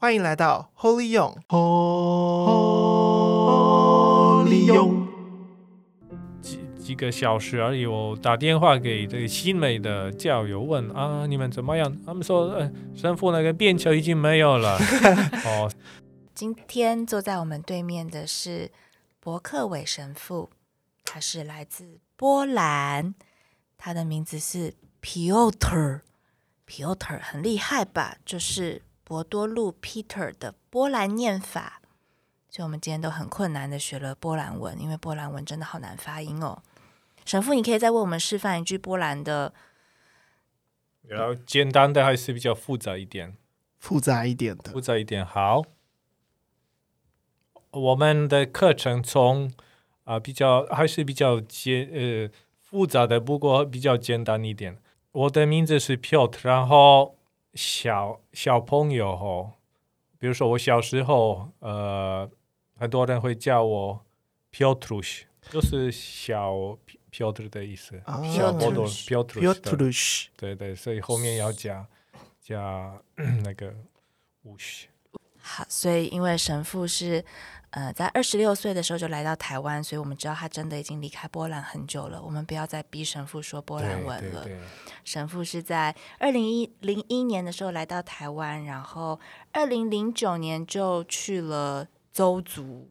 歡迎來到 Holy 勇。Holy Ho, Ho, Yong，幾幾個小時而已哦。我打電話給這個新美的教友問啊，你們怎麼樣？他們說，呃，神父那個便橋已經沒有了。 哦，今天坐在我們對面的是柏克偉神父，他是來自波蘭，他的名字是 Piotr，Piotr Piotr 很厲害吧？就是。博多祿 Peter 的波蘭念法，所以我們今天都很困難的學了波蘭文，因為波蘭文真的好難發音哦。神父，你可以再為我們示範一句波蘭的？然後簡單的還是比較複雜一點？複雜一點的，複雜一點好。我們的課程從啊、呃、比較還是比較簡呃複雜的，不過比較簡單一點。我的名字是 Piot，然後。小小朋友吼、哦，比如說我小時候，呃，很多人會叫我 Piotrus，就是小 Piotr 的意思，思、oh, 小波多 Piotrus，對對，所以後面要加加那個、嗯、好，所以因為神父是。呃，在二十六歲的時候就來到台灣，所以我們知道他真的已經離開波蘭很久了。我們不要再逼神父說波蘭文了。神父是在二零零一年的時候來到台灣，然後二零零九年就去了鄒族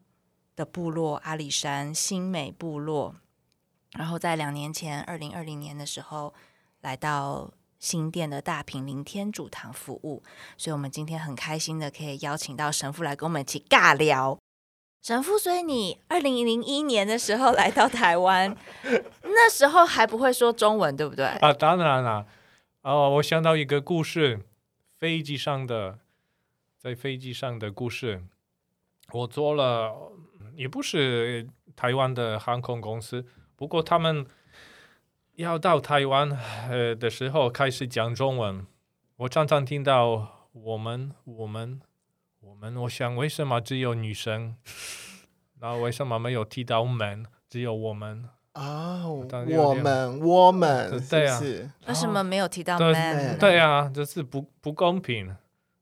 的部落阿里山新美部落，然後在兩年前二零二零年的時候來到新店的大坪林天主堂服務。所以，我們今天很開心的可以邀請到神父來跟我們一起尬聊。神父，所以你二零零一年的時候來到台灣， 那時候還不會說中文，對不對？啊，當然啦、啊。哦，我想到一個故事，飛機上的，在飛機上的故事，我坐了，也不是台灣的航空公司，不過他們要到台灣呃的時候開始講中文，我常常聽到我們我們。我們，我想，為什麼只有女生？那 為什麼沒有提到 men？ 只有我們啊、哦，我們，我們，對啊，是是。為什麼沒有提到 men？哦對，嗯、對啊，這是不不公平，嗯，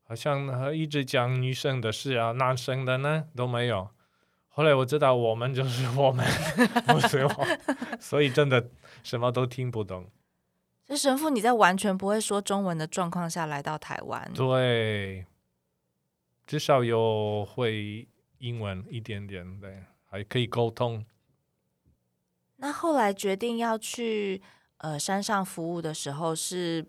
好像一直講女生的事啊，男生的呢都沒有。後來我知道，我們就是我們，所以，所以真的什麼都聽不懂。這神父，你在完全不會說中文的狀況下來到台灣，對。至少有會英文一點點，對，還可以溝通。那後來決定要去呃山上服務的時候是，是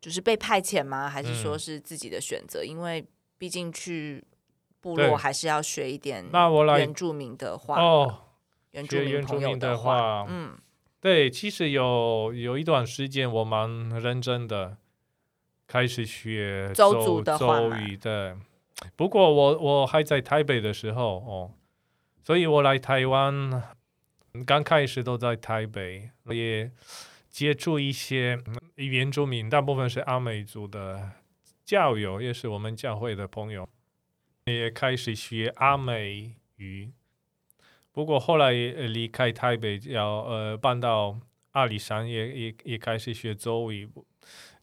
就是被派遣嗎？還是說是自己的選擇？嗯、因為畢竟去部落還是要學一點。原住民的話哦，原住民朋友的話，的話嗯，對，其實有有一段時間我蠻認真的開始學鄒鄒族的話。對不過我我還在台北的時候哦，所以我來台灣剛開始都在台北，也接觸一些原住民，大部分是阿美族的教友，也是我們教會的朋友，也開始學阿美語。不過後來離開台北要、要呃搬到阿里山，也也也開始學鄒語，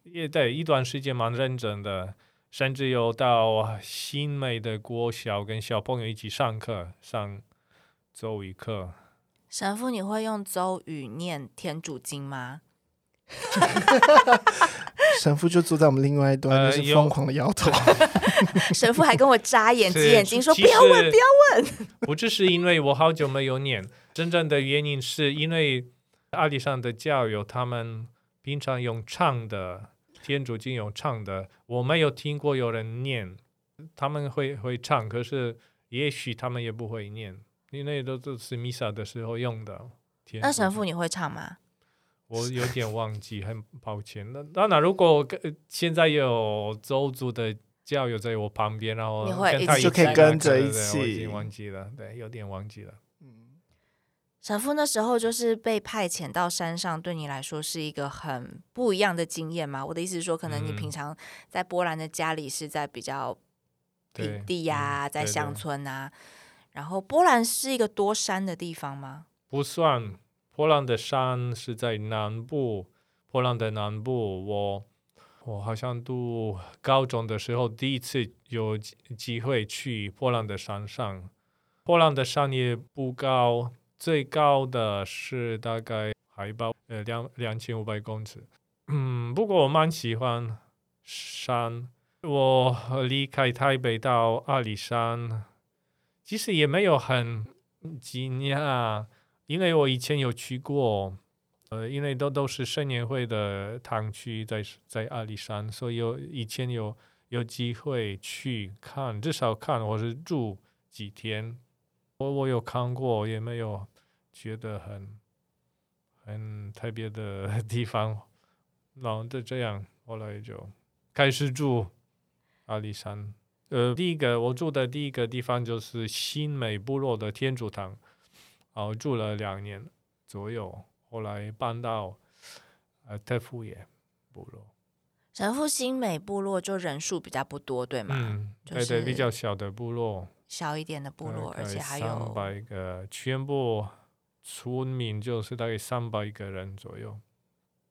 也對，一段時間蠻認真的。甚至有到新美的國小跟小朋友一起上課，上鄒語課。神父，你會用鄒語念天主經嗎？ 神父就坐在我們另外一端，就、呃、是瘋狂的搖頭。 神父還跟我眨眼睛，擠眼睛說不要問，不要問。不只是因為我好久沒有念， 真正的原因是因為阿里山的教友他們平常用唱的。天主經有唱的，我沒有聽過有人念，他們會會唱，可是也許他們也不會念，因為都都是彌撒的時候用的。天，那神父你會唱嗎？我有點忘記， 很抱歉。那當然，如果現在有鄒族的教友在我旁邊，然後你會就可以跟着一起，對，我已經忘記了，對，有點忘記了。神父那時候就是被派遣到山上，對你來說是一個很不一樣的經驗嗎？我的意思是說，可能你平常在波蘭的家裡是在比較平地呀，啊，在鄉村啊。嗯、對對。然後，波蘭是一個多山的地方嗎？不算，波蘭的山是在南部。波蘭的南部，我我好像讀高中的時候第一次有機會去波蘭的山上。波蘭的山也不高。最高的是大概海拔，呃，兩兩千五百公尺。嗯，不過我蠻喜歡山。我離開台北到阿里山，其實也沒有很驚訝，因為我以前有去過。呃，因為都都是聖言會的堂區在在阿里山，所以有以前有有機會去看，至少看或是住幾天。我我有看過，也沒有覺得很很特別的地方，然後就這樣，後來就開始住阿里山。呃，第一個我住的第一個地方就是新美部落的天主堂，然後，呃，住了兩年左右，後來搬到呃特富野部落。神父，新美部落就人數比較不多，對嗎？嗯，對、就是哎、對，比較小的部落。小一點的部落，okay, 而且還有三百個全部村民，就是大概三百一個人左右。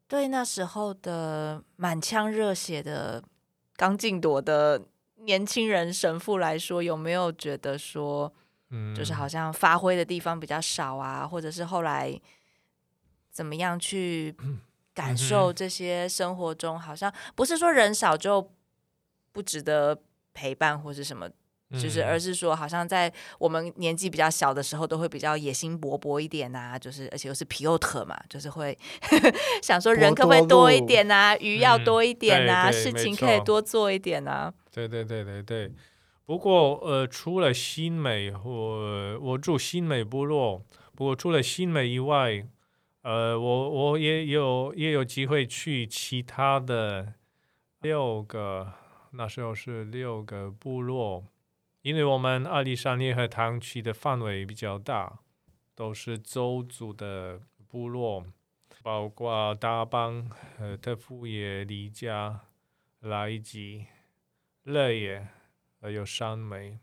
對那時候的滿腔熱血的剛進鐸的年輕人神父來說，有沒有覺得說、嗯，就是好像發揮的地方比較少啊？或者是後來怎麼樣去感受這些生活中， 好像不是說人少就不值得陪伴或是什麼？就是，而是說，好像在我們年紀比較小的時候，都會比較野心勃勃一點啊。就是，而且又是皮奧特嘛，就是會 想說人可不可以多一點啊，魚要多一點啊、嗯對對，事情可以多做一點啊。對對對對對，對。不過，呃，除了新美，我、呃、我住新美部落。不過，除了新美以外，呃，我我也有也有機會去其他的六個，那時候是六個部落。因為我們阿里山聯合堂區的範圍比較大，都是鄒族的部落，包括達邦、特富野、里佳、來吉、樂野，還有山美。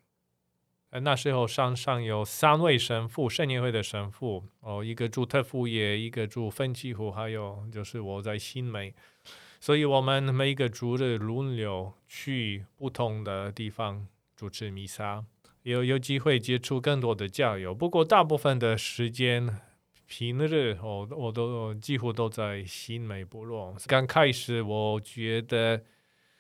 呃，那時候山上有三位神父，聖言會的神父哦，一個住特富野，一個住奮起湖，還有就是我在山美。所以，我們每個主日輪流去不同的地方。主持彌撒，有有機會接觸更多的教友。不過大部分的時間，平日我我都幾乎都在新美部落。剛開始我覺得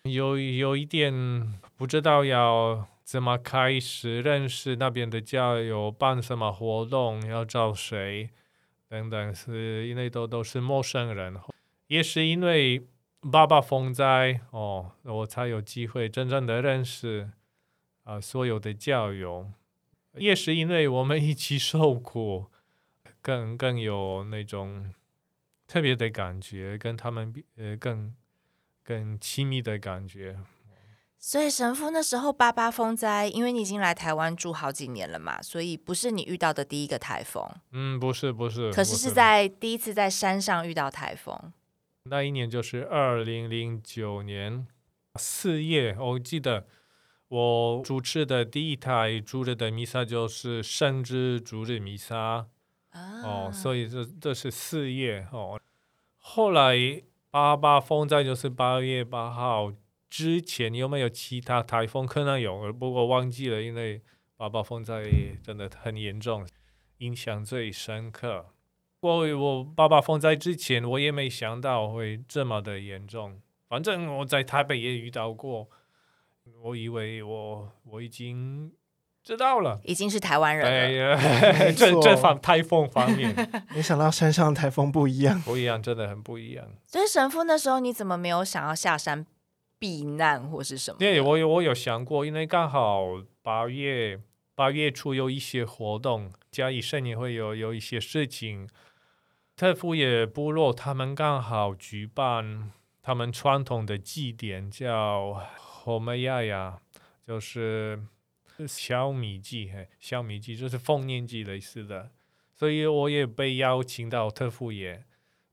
有有一點不知道要怎麼開始認識那邊的教友，辦什麼活動要找誰等等是，是因為都都是陌生人。也是因為八八風災哦，我才有機會真正的認識。啊，所有的教友，也是因為我們一起受苦，更更有那種特別的感覺，跟他們呃更更親密的感覺。所以神父那時候八八風災，因為你已經來台灣住好幾年了嘛，所以不是你遇到的第一個台風。嗯，不是不是。可是是在第一次在山上遇到台風，那一年就是二零零九年四月，我記得。我主持的第一台主日的彌撒就是聖枝主日彌撒哦、啊，所以這這是四月哦。後來八八風災就是八月八號，之前有沒有其他台風可能有，不過忘記了，因為八八風災真的很嚴重，印象最深刻。我我八八風災之前我也沒想到會這麼的嚴重，反正我在台北也遇到過。我以為我我已經知道了，已經是台灣人了。哎、呀這這方台風方面， 沒想到山上的台風不一樣，不一樣，真的很不一樣。所以神父那時候你怎麼沒有想要下山避難或是什麼？對，我有我有想過，因為剛好八月八月初有一些活動，嘉義聖也會有有一些事情，特富野部落他們剛好舉辦他們傳統的祭典叫。我們亞亞就是小米祭，嘿，小米祭就是豐年祭類似的，所以我也被邀請到特富野，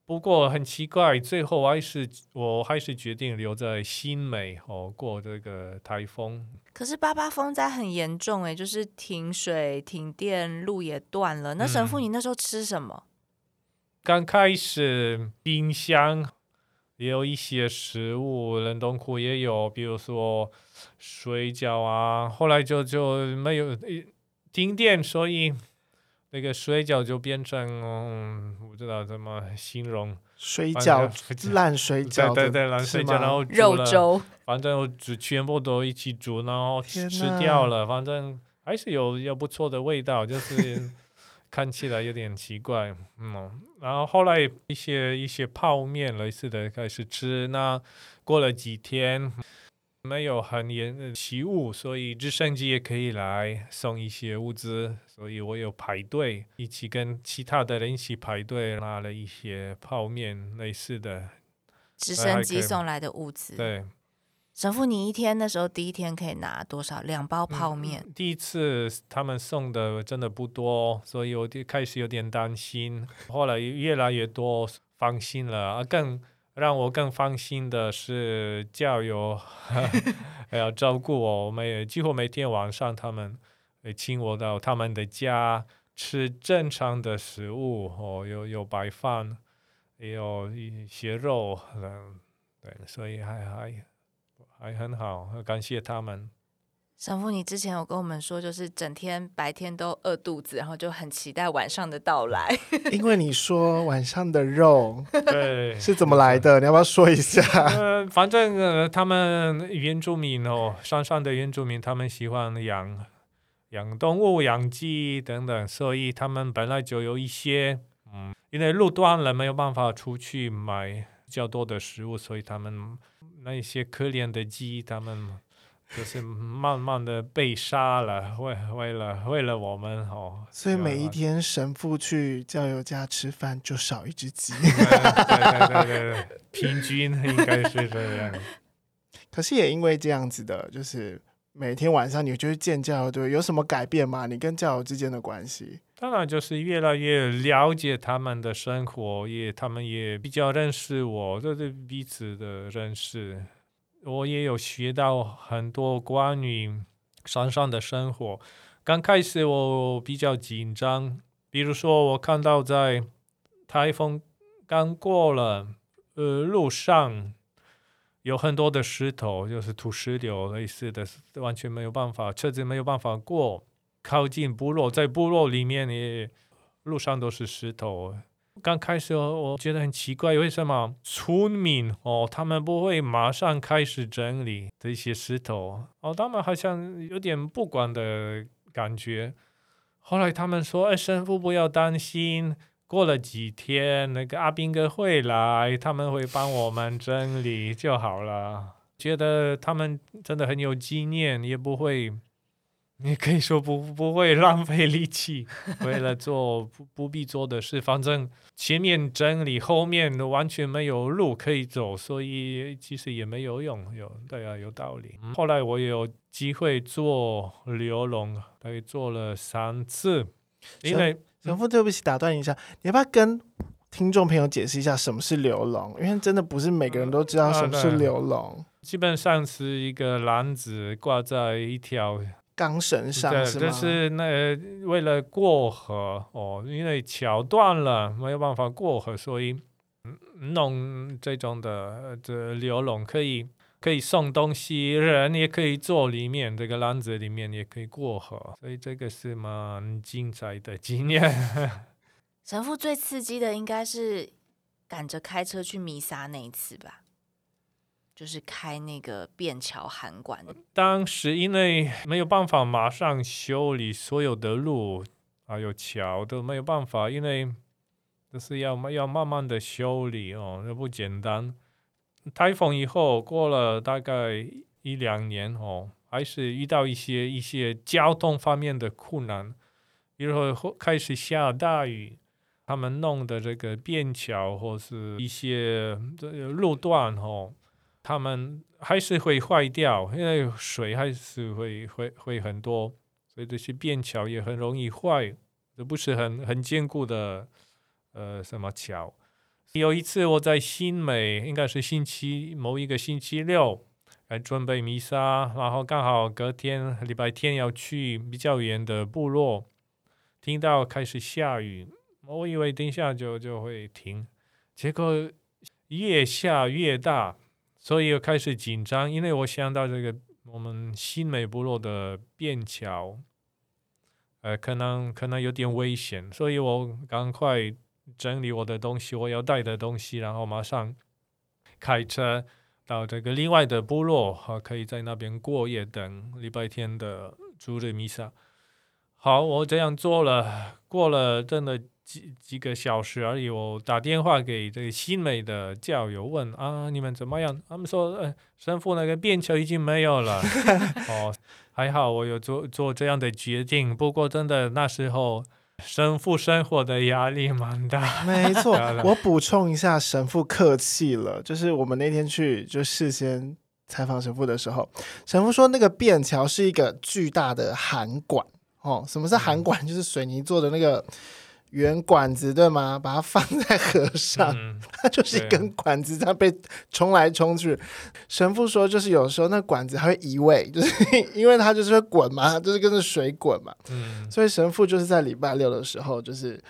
不過很奇怪，最後我還是我還是決定留在新美哦，過這個颱風。可是八八風災很嚴重誒，就是停水、停電、路也斷了。那神父，你那時候吃什麼？嗯，剛開始冰箱。也有一些食物，冷凍庫也有，比如說水餃啊。後來就就沒有停電，所以那個水餃就變成，嗯，不知道怎麼形容，水餃爛水餃。水餃對對對，爛水餃，然後煮了肉粥，反正就全部都一起煮，然後吃掉了。反正還是有有不錯的味道，就是。 看起來有點奇怪，嗯，然後後來一些一些泡麵類似的開始吃。那過了幾天沒有很嚴的起霧，所以直升機也可以來送一些物資。所以我有排隊，一起跟其他的人一起排隊，拿了一些泡麵類似的。直升機送來的物資。對。神父，你一天的時候第一天可以拿多少？兩包泡麵、嗯。第一次他們送的真的不多，所以我就開始有點擔心，後來越來越多放心了。啊，更讓我更放心的是教友 還要照顧我，每幾乎每天晚上他們會請我到他們的家吃正常的食物，哦，有有白飯，也有一些肉了、嗯，對，所以還還。還、哎，很好，很感謝他們。神父，你之前有跟我們說，就是整天白天都餓肚子，然後就很期待晚上的到來。 因為你說晚上的肉，對，是怎麼來的？ 來的 你要不要說一下？嗯、呃，反正、呃、他們原住民哦，山上的原住民，他們喜歡養養動物、養雞等等，所以他們本來就有一些，嗯，因為路斷了，沒有辦法出去買。較多的食物，所以他們那一些可憐的雞，他們就是慢慢的被殺了，為為了為了我們哦。所以每一天神父去教友家吃飯，就少一隻雞、 嗯。對對對對，平均應該是這樣。 可是也因為這樣子的，就是每天晚上你就去見教友，對，有什麼改變嗎？你跟教友之間的關係？當然，就是越來越了解他們的生活，也他們也比較認識我，這是彼此的認識。我也有學到很多關於山上的生活。剛開始我比較緊張，比如說我看到在台風剛過了，呃，路上有很多的石頭，就是土石流類似的，完全沒有辦法，車子沒有辦法過。靠近部落，在部落裡面的路上都是石頭。剛開始我覺得很奇怪，為什麼村民哦，他們不會馬上開始整理這些石頭哦，他們好像有點不管的感覺。後來他們說：“哎，神父不要擔心，過了幾天那個阿兵哥會來，他們會幫我們整理就好了。 ”覺得他們真的很有經驗，也不會。你可以說不，不會浪費力氣，為了做不，不必做的事， 反正前面整理，後面完全沒有路可以走，所以其實也沒有用。有對啊，有道理。嗯、後來我也有機會做流籠，大概做了三次。嗯、因為神父，對不起，打斷一下，嗯、你要不要跟聽眾朋友解釋一下什麼是流籠？因為真的不是每個人都知道什麼是流籠。嗯嗯、基本上是一個籃子掛在一條。鋼繩上，對是嗎？這是那為了過河哦，因為橋斷了，沒有辦法過河，所以、嗯、弄這種的這流籠可以可以送東西，人也可以坐裡面，這個籃子裡面也可以過河，所以這個是蠻精彩的經驗。神父最刺激的應該是趕着開車去彌撒那一次吧。就是開那個便橋涵管。當時因為沒有辦法馬上修理，所有的路還有橋都沒有辦法，因為就是要要慢慢的修理哦，那不簡單。颱風以後過了大概一兩年哦，還是遇到一些一些交通方面的困難，比如說開始下大雨，他們弄的這個便橋或是一些這個路段哦，他們還是會壞掉，因為水還是會會會很多，所以這些便橋也很容易壞，這不是很很堅固的。呃，什麼橋？有一次我在新美，應該是星期某一個星期六來準備彌撒，然後剛好隔天禮拜天要去比較遠的部落，聽到開始下雨，我以為等一下就就會停，結果越下越大。所以又開始緊張，因為我想到這個我們新美部落的便橋，呃，可能可能有點危險，所以我趕快整理我的東西，我要帶的東西，然後馬上開車到這個另外的部落，哈、呃，可以在那邊過夜，等禮拜天的主日彌撒。好，我這樣做了，過了真的，幾幾個小時而已，我打電話給這個新美的教友問啊，你們怎麼樣？他們說，呃，神父那個便橋已經沒有了。 哦，還好我有做做這樣的決定。不過真的那時候，神父生活的壓力蠻大。沒錯， 我補充一下，神父客氣了。就是我們那天去就事先採訪神父的時候，神父說那個便橋是一個巨大的涵管。哦，什麼是涵管？就是水泥做的那個。圓管子，對嗎？把它放在河上，嗯、它就是一根管子，它被沖來沖去。神父說，就是有時候那管子還會移位，就是因為它就是會滾嘛，就是跟着水滾嘛。嗯、所以神父就是在禮拜六的時候，就是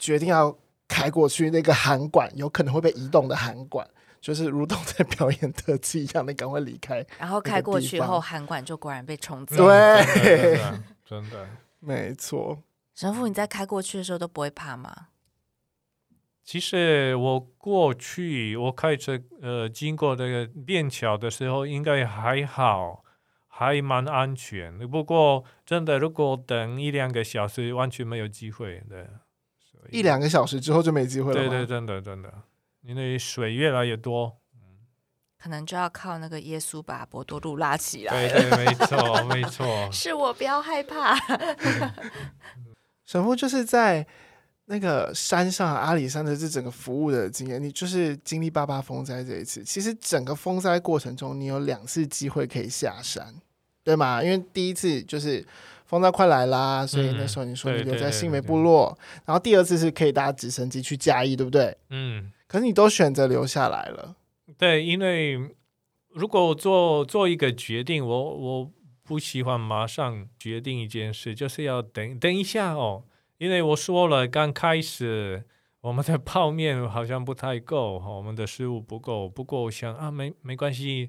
決定要開過去那個涵管，有可能會被移動的涵管，就是如同在表演特技一樣，你趕快離開。然後開過去後，涵管就果然被沖走了。對，嗯、真的，真的 沒錯。神父，你在開過去的時候都不會怕嗎？其實我過去我開車呃經過那個便橋的時候，應該還好，還蠻安全。不過真的，如果等一兩個小時，完全沒有機會。對，一兩個小時之後就沒機會了。對對，真的真的，因為水越來越多，嗯，可能就要靠那個耶穌把伯多祿拉起來。對，對對，沒錯沒錯， 是我不要害怕。 神父，就是在那個山上阿里山的這整個服務的經驗，你就是經歷八八風災這一次。其實整個風災過程中，你有兩次機會可以下山，對嗎？因為第一次就是風災快來啦，所以那時候你說你留在新美部落。嗯，對對對對對對對，然後第二次是可以搭直升機去嘉義，對不對？嗯。可是你都選擇留下來了，對，因為如果做做一個決定，我我。不喜歡馬上決定一件事，就是要等等一下哦。因為我說了，剛開始我們的泡麵好像不太夠，我們的食物不夠。不過我想啊，沒沒關係、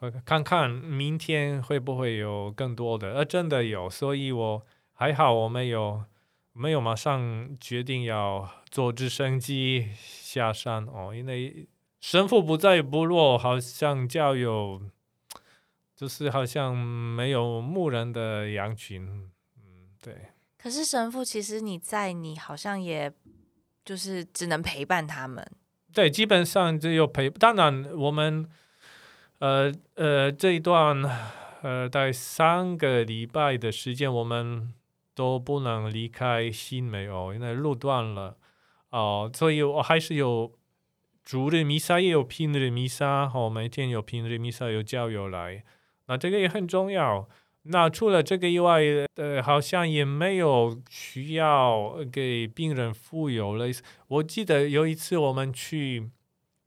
呃，看看明天會不會有更多的。呃、啊，真的有，所以我還好我沒有，我們有沒有馬上決定要坐直升機下山哦？因為神父不在部落，好像叫有。就是好像沒有牧人的羊群，嗯，對。可是神父，其實你在你好像也，就是只能陪伴他們。對，基本上只有陪。當然，我們呃呃這一段呃，呃這段呃大概三個禮拜的時間，我們都不能離開新美哦，因為路斷了哦，所以我還是有主日彌撒，也有平日彌撒，哦，每天有平日彌撒，有教友來。那這個也很重要。那除了這個以外，呃，好像也沒有需要給病人傅油的。我記得有一次我們去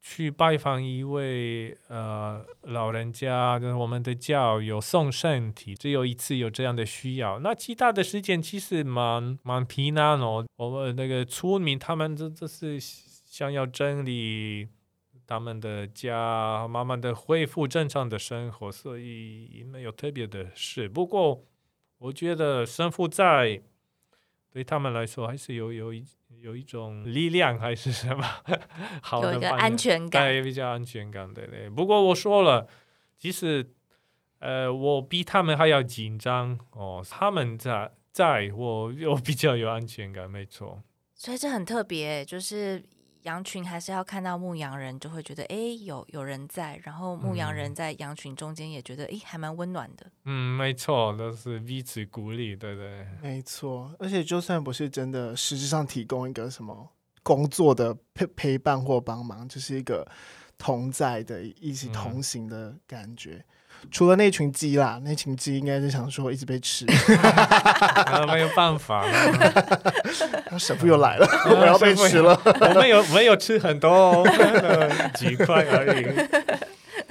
去拜訪一位呃老人家，跟我們的教友送聖體，只有一次有這樣的需要。那其他的時間其實蠻蠻平安哦。我們那個村民他們這這是想要整理。他們的家慢慢的恢復正常的生活，所以沒有特別的事。不過，我覺得神父在對他們來說還是有一有一有一種力量，還是什麼 好的，有一個安全感，對，比較安全感，的對，對。不過我說了，即使呃我比他們還要緊張哦，他們在在我又比較有安全感，沒錯。所以這很特別，就是。羊群還是要看到牧羊人，就會覺得哎，有有人在。然後牧羊人在羊群中間也覺得哎，還蠻溫暖的。嗯，沒錯，都是彼此鼓勵，對對。沒錯，而且就算不是真的實際上提供一個什麼工作的陪陪伴或幫忙，就是一個同在的，一起同行的感覺。嗯。除了那群雞啦，那群雞應該是想說一直被吃， 啊、沒有辦法，哈、 啊，神父又來了，啊、我們要被吃了，啊、 我們有沒有吃很多？哦， 幾塊而已。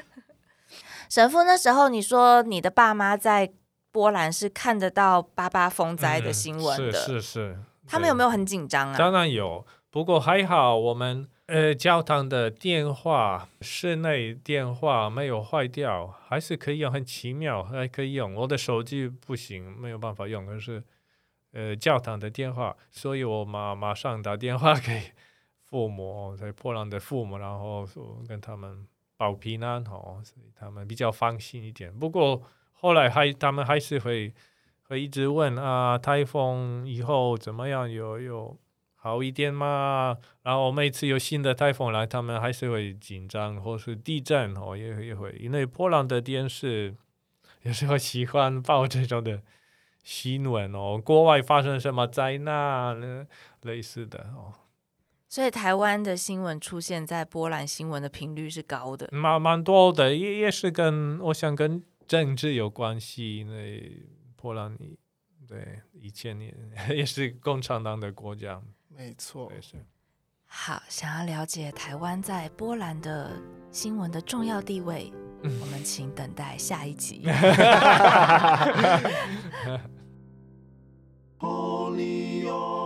神父那時候，你說你的爸媽在波蘭是看得到八八風災的新聞的，嗯、是是是，他們有沒有很緊張啊？當然有，不過還好我們。呃，教堂的電話，室內電話沒有壞掉，還是可以用，很奇妙，還可以用。我的手機不行，沒有辦法用。可是，呃，教堂的電話，所以我馬馬上打電話給父母，在波蘭的父母，然後說跟他們報平安，好、哦，所以他們比較放心一點。不過後來還他們還是會會一直問啊，颱風以後怎麼樣？有有。好一點嘛，然後每次有新的台風來，他們還是會緊張，或是地震哦，也也會，因為波蘭的電視有時候喜歡報這種的新聞哦，國外發生什麼災難了類似的哦。所以台灣的新聞出現在波蘭新聞的頻率是高的，蠻蠻多的，也也是跟我想跟政治有關係，因為波蘭對，以前也是共產黨的國家。沒錯，是。好，想要了解台灣在波蘭的新聞的重要地位，嗯、我們請等待下一集。